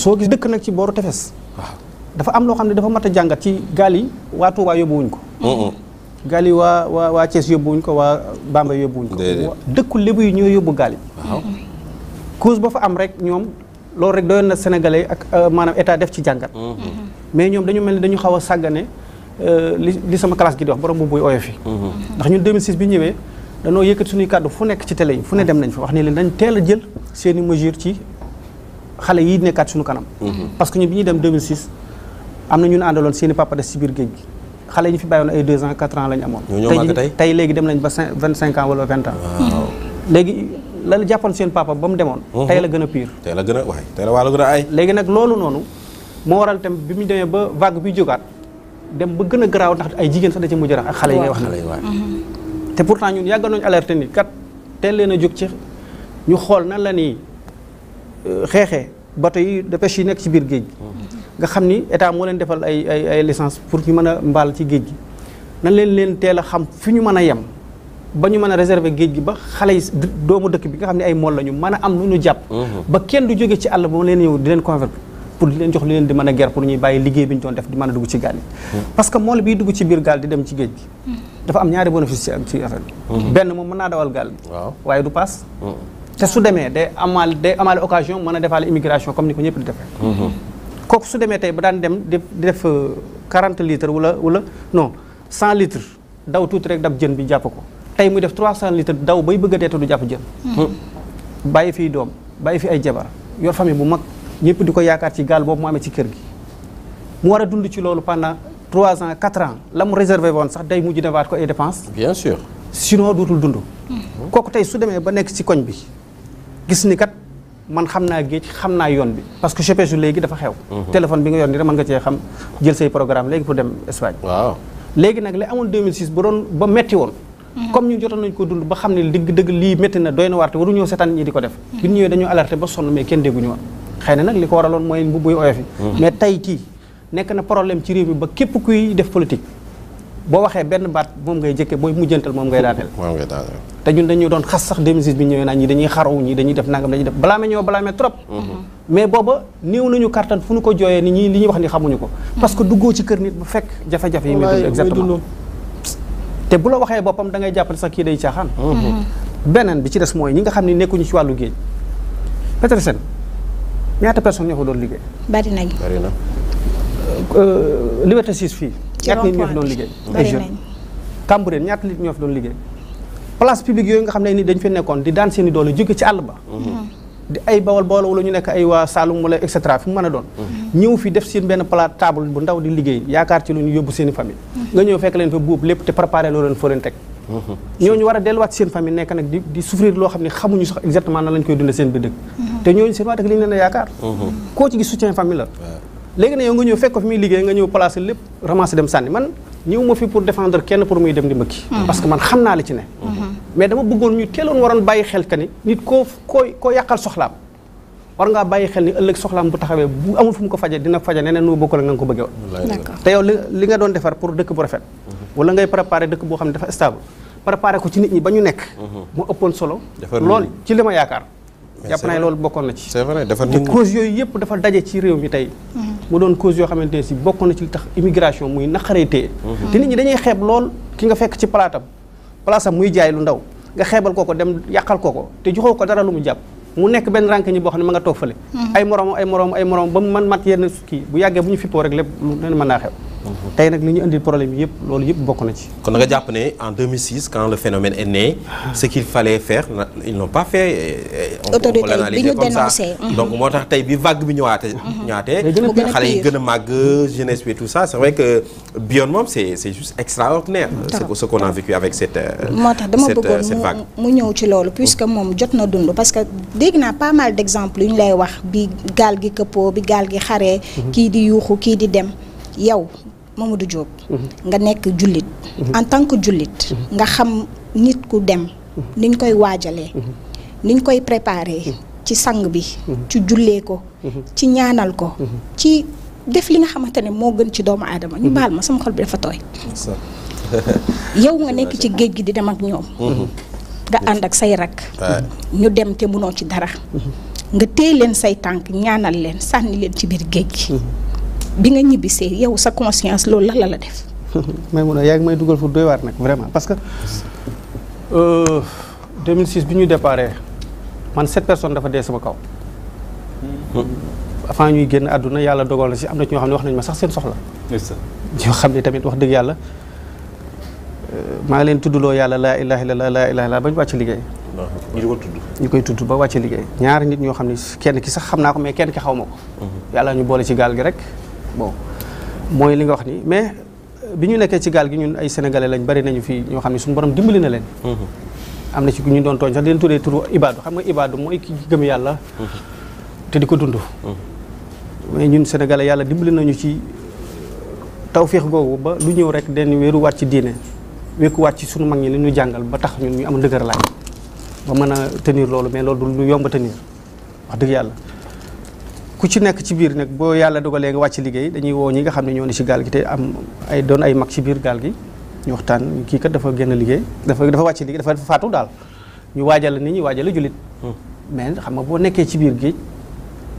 soo gis dëkk nag ci booru tefes dafa am loo xam ne dafa mat a jàngat ci gaal yi waa Touba wuñ ko gaal yi waa waa waa Thiès yóbbuwuñ ko waa Bamba yóbbuwuñ ko dëkku lébu yi ñoo yóbbu gaal yi cause ba fa am rek ñoom loolu rek doyoon na sénégalais ak euh, maanaam état def ci jàngat mm-hmm. Mm-hmm. mais ñoom dañu mel ni dañu xaw a sàggane euh, li sama classe gi wax borom bu buy oyof yi mm-hmm. ndax ñun 2006 bi ñëwee danoo yëkkati suñuy kàddu fu nekk ci télé yi fu ne dem nañ fa wax ne leen dañ teel a jël seen i ci xale yi nekkaat suñu kanam. Mhm. parce que ñun bi ñuy dem 2006 am na ñun àndaloon seen i papa des ci biir géej gi xale yi ñu fi bàyyoon ay 2 ans 4 ans la amoon. tey léegi dem nañ ba cinq 25 ans wala 20 ans. léegi seen papa ba mu demoon. Mhm. tey la gën a pire. tey a waay a ay. léegi nag loolu noonu moo waral tam bi mu demee ba vague bi jógaat dem ba gën a garaaw ndax ay jigéen sax da ci mujj ak xale yi ngay wax. na te pourtant ñun yàgg nañu alerté ni kat teel leen a jóg ci ñu xool nan la nii xeexee bateau yi de pêche yi nekk ci biir géej gi nga xam ni état moo leen defal ay ay ay pour ñu mën a mbaal ci géej gi nan leen leen teel a xam fi ñu mën a yem ba ñu man a réserver géej gi ba xale yi doomu dëkk bi nga xam ne ay mool la ñu mën a am lu ñu jàpp ba kenn du jóge ci àll ba leen ñëw di leen convaincre pour di leen jox li leen di mën a ger pour ñuy bàyyi liggéey bi ñu doon def di mën a dugg ci gaal yi parce que mool bii dugg ci biir gaal di dem ci géej gi dafa am ci affaire bi benn mën naa dawal gaal bi te su demee day amaal day amaale occasion mën a defaale immigration comme ni ko ñëpp di defee. Mhm. kooku su demee tey ba daan dem def def euh, 40 litres wala wala non cent litres daw tuuti rek dab jën bi jàpp ko tey mu def 300 litres daw bay bëgg a dee te du jàpp mhm. hmm. bàyyi fiy doom bàyyi fi ay jabar yor famille bu mag ñëpp di ko yaakaar ci gaal boobu mu amee ci kër gi mu war a dund ci loolu pendant 3 ans 4 ans la mu réserver woon sax day mujj defaat ko ay dépense bien sûr sinon dootul dund. Mhm. kooku tey su demee ba nekk si koñ bi. gis ni kat man xam naa géej xam naa yoon bi parce que chepé su léegi dafa xew mhm. téléphone bi nga yoon ni rek mën nga cee xam jël say programme léegi pour dem Espagne léegi nag li amoon 2006 bu doon ba metti woon mhm. comme ñu jotoon nañ ko dund ba xam ne dëgg dëgg lii métti na doy na warte waru ñëw seetaan ñi di ko def bi mhm. ñëwee dañoo alerté ba sonn mais kenn dégguñu woon xëy na nag li ko waraloon mooy mbubuy oyof yi mais tey kii nekk na problème ci réew mi ba képp kuy def politique boo waxee benn baat moom ngay jëkke booy mujjantal moom ngay daaneel te ñun dañu doon xas sax 2006 bi ñëwee naan ñi dañuy xaraw ñi dañuy def nangam dañuy def blâmer ñoo blâmer trop mhm. mais booba néew nañu kàttan fu ñu ko jooyee ni ñi li ñuy wax ni xamuñu ko mhm. parce que duggoo ci kër nit bu fekk jafe-jafe yi muy dund exactement te bu la waxee boppam dangay jàppale sax kii day caaxaan mhm. beneen bi ci des mooy ñi nga xam ne nekkuñu ci wàllu géej Petersen ñaata personne ñoo ko doon liggéey bari nañ euh, liberté 6 fii ñaata nit ñoo fi doon liggéey ay jeunes Cambérène ñaata nit ñoo fi doon yooyu nga xam ne ni dañ fi nekkoon di daan seen i doole jóge ci àll ba mhm. di ay bawal bawal wala ñu nekk ay waa Saloum wala et cetera fi mu doon mhm. ñëw fi def seen benn plat table bu ndaw di liggéey yaakaar ci lu ñu yóbbu seen i famille mhm. nga ñëw fekk leen fa buub lépp te préparé loo leen foo leen teg ñooñu war a delluwaat seen famille nekk nag di di souffrir loo xam ne xamuñu sax exactement nan lañ koy dundee seen biir a yaakaar koo ci gis soutien léegi na yow nga ñëw fekk ko fi muy liggéey nga ñëw placé lépp ramasser dem sànni man ñëw ma fi pour défendre kenn pour muy dem di mbëkki mm-hmm. parce que man xam naa li ci ne mm-hmm. mais dama bëggoon ñu teeloon waroon bàyyi xel que ni nit koo koo koo yàqal soxlaam war ngaa bàyyi xel ni ëllëg soxlaam bu taxawee bu amul fu mu ko faje dina faje neneen nu bokkul ko bëggee woon li nga doon defar pour dëkk bu rafet mm-hmm. wala ngay préparé dëkk boo xam ne dafa stable préparé ko ci nit ñi ba ñu nekk moo ëppoon solo lool ci li ma yaakaar jàpp naa loolu bokkoon na ci. c'est vrai dafa te cause yooyu yëpp dafa daje ci réew mi tey. Mm-hmm. mu doon cause yoo xamante ne si bokkoon na ci li tax immigration muy naqaree téye. Mm-hmm. te nit ñi dañuy xeeb lool ki nga fekk ci palaatam palaasam muy jaay lu ndaw nga xeebal kooko dem yàqal kooko te joxoo ko dara lu mu jàpp. mu nekk benn rànk ñi boo xam ne ma nga toog fa mm-hmm. ay ay moroom ay moroom ba mu man mat yenn kii bu yàggee bu ñu fippoo rek lépp lu leen mën naa xew tey nag li ñu andi problème yépp loolu yépp bokk na ci. kon nga japp né en 2006 quand le phénomène est né. ce qu'il fallait faire ils n'ont pas fait. Euh, autorité bi ñu dénoncé mm-hmm. donc motax tay bi vague bi ñëwaatee. ñëwaatee xalé yi gëna mag jeunesse bi tout ça c'est vrai que Bion mom c'est c'est juste extraordinaire. Mm-hmm. ce qu'on a vécu avec cette euh, motax dama euh, bëggoon mu ñëw ci loolu puisque mom jot na dund parce que dégg na pas mal d'exemples yu ñu lay wax bi gaal gi këppoo bi gaal gi xaree. Mm-hmm. kii di yuxu ki di dem yow Mamadou Diop. Mhm. nga nekk jullit. Mhm. en tant que jullit. Mhm. nga xam nit ku dem. niñ koy waajalee. niñ koy préparer. ci sang bi. ci jullee ko. ci ñaanal ko. ci def li nga xamante ne moo gën ci doomu aadama ñu baal ma sama xol bi dafa tooy. yow nga nekk ci géej gi di dem ak ñoom. nga ànd ak say rak. ñu dem te munoo ci dara. nga téye leen say tànk ñaanal leen sànni leen ci biir géej gi. bi nga ñibbisee yow sa conscience loolu la la la def. may mun a yaa ngi may dugal fu doy waar nag vraiment parce que euh, 2006 bi ñu déparé man sept personnes dafa dee sama kaw. Hmm. avant ñuy génn àdduna yàlla dogal na si am na ci ñoo xam ne wax nañu ma sax seen soxla. ñoo xam ne tamit wax dëgg yàlla euh, maa ngi leen tuddloo yàlla laa ilaaha illallaah laa ilaaha illallaah ba ñu wàcc liggéey. ñu koy tudd. ñu koy tudd ba wàccee liggéey ñaari nit ñoo xam ne kenn ki sax xam naa ko mais kenn ki xaw ma ko. Hmm. yàlla boole ci gaal gi rek. bon mooy li nga wax ni mais bi ñu nekkee ci gaal gi ñun ay sénégalais lañ bari nañu fii ñoo xam ne suñu borom dimbali na leen. Mm-hmm. am na ci ñu doon tooñ sax di leen tuddee turu ibaadu xam nga ibaadu mooy ki gëm yàlla. Mm-hmm. te di ko dund. Mm-hmm. mais ñun sénégalais yàlla dimbali nañu ci tawféex googu ba lu ñëw rek den wéeruwaat ci diine wékkuwaat ci sunu mag ñi li ñu jàngal ba tax ñun ñu am ndëgër laay ba mën a tenir loolu mais loolu du lu yomb a wax dëgg yàlla. ku ci nekk ci biir nag boo yàlla dogalee nga wàcc liggéey dañuy woo ñi nga xam ne ñoo ni ci gaal gi te am ay doon ay mag ci biir gaal gi ñu waxtaan kii kat dafa génn liggéey dafa dafa wàcc liggéey dafa faatu daal ñu waajal nit ñi waajal jullit hmm. mais xam nga boo nekkee ci biir géej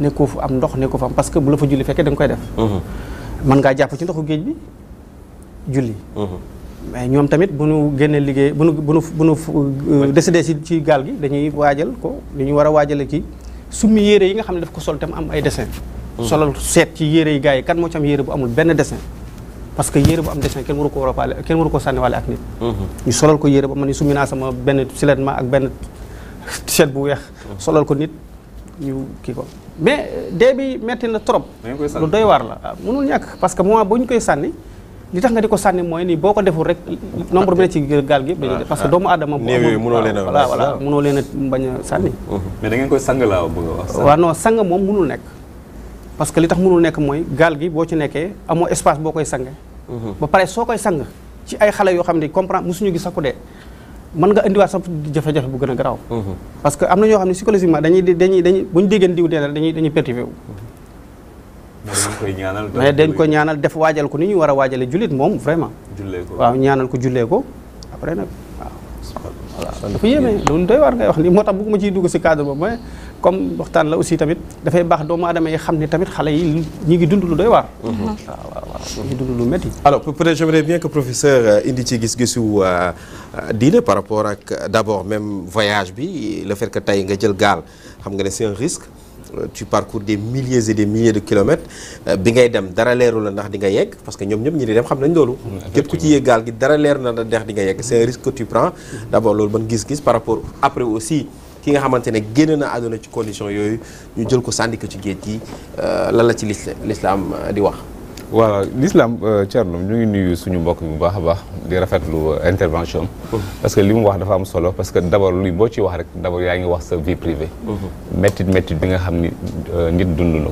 nekkoo fu am ndox nekkoo fu am parce que bu la fa julli fekkee da nga def hmm. mën ngaa jàpp ci ndoxu géej bi julli hmm. mais ñoom tamit bu ñu génnee liggéey bu nu bu nu bu nu euh, décidé ci ci gaal gi dañuy waajal ko li ñu war a waajale kii summi yére yi nga xam ne daf ko sol tam am ay dessin hmm. solal seet ci yére yi gars yi kan moo ci am yére bu amul benn dessin parce que yére bu am dessin kenn waru ko ropaale kenn waru ko sànniwaale ak nit hmm. ñu solal ko yére ba man ni summi naa sama benn silet ma ak benn t bu weex solal ko nit ñu kii ko mais dee bi metti na trop lu doy waar la ah, mënul ñàkk parce que moment bu ñu koy sànni li tax nga di ko sànni mooy ni boo ko deful rek nombre bi ne ci gaal gi ah. parce que doomu aadama néew yooyu mënoo a voilà voilà mënoo leen a bañ a sànni mm-hmm. mais da koy sang laa bëgg a wax moom mënul nekk parce que li tax mënul nekk mooy gaal gi boo ci nekkee amoo espace boo koy sange mm-hmm. ba pare soo koy sang ci ay xale yoo xam ne comprendre mosuñu gis sax ko dee mën nga indiwaat sax jafe-jafe bu gën a garaaw mm-hmm. parce que am na ñoo xam ne psychologiquement dañuy dañuy dañuy bu ñu déggeen mais dañ ko ñaanal def wajal ko ni ñu wara war a mom vraiment moom ko waaw ñaanal ko jullee ko après nag waaw dafa yéme lu ndoy war ngay wax li motax bu ko ma ci dugg ci cadre boobu mais comme waxtan la aussi tamit da fay bax do yi xam xamni tamit xalé yi ñi ngi dund lu doy war mhm. waaw waaw waaw ñi dund lu métti. alors peut-être j'aimerais bien que professeur euh, indi ci gis-gisu euh, euh, diine par rapport ak d'abord même voyage bi le fait que tay nga jël gal xam nga ne c'est un risque. Euh, tu parcours des milliers et des milliers de kilomètres euh, bi ngay dem dara la ndax di nga parce que ñom ñep ñi dem c'est un risque que tu prends d'abord gis-gis par rapport après aussi ki nga xamantene na ci condition yoyu ñu jël ko euh, ci l'islam waaw l'islam euh, Thierno ñu ngi nuyu suñu mbokk bu baax a baax di rafetlu euh, intervention mmh. parce que li mu wax dafa am solo parce que d'abord luy boo ci wax rek d'abord yaa ngi wax sa vie privée méttit mmh. méttit bi nga xam ni euh, nit dundu na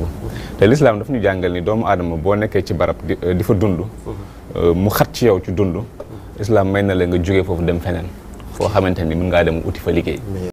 te lislaam daf ñu jàngal ni doomu aadama boo nekkee ci barab di fa dund mmh. mu xat ci yow ci dund islam may na la nga jógee foofu dem feneen foo xamante ni mën ngaa dem uti fa liggéey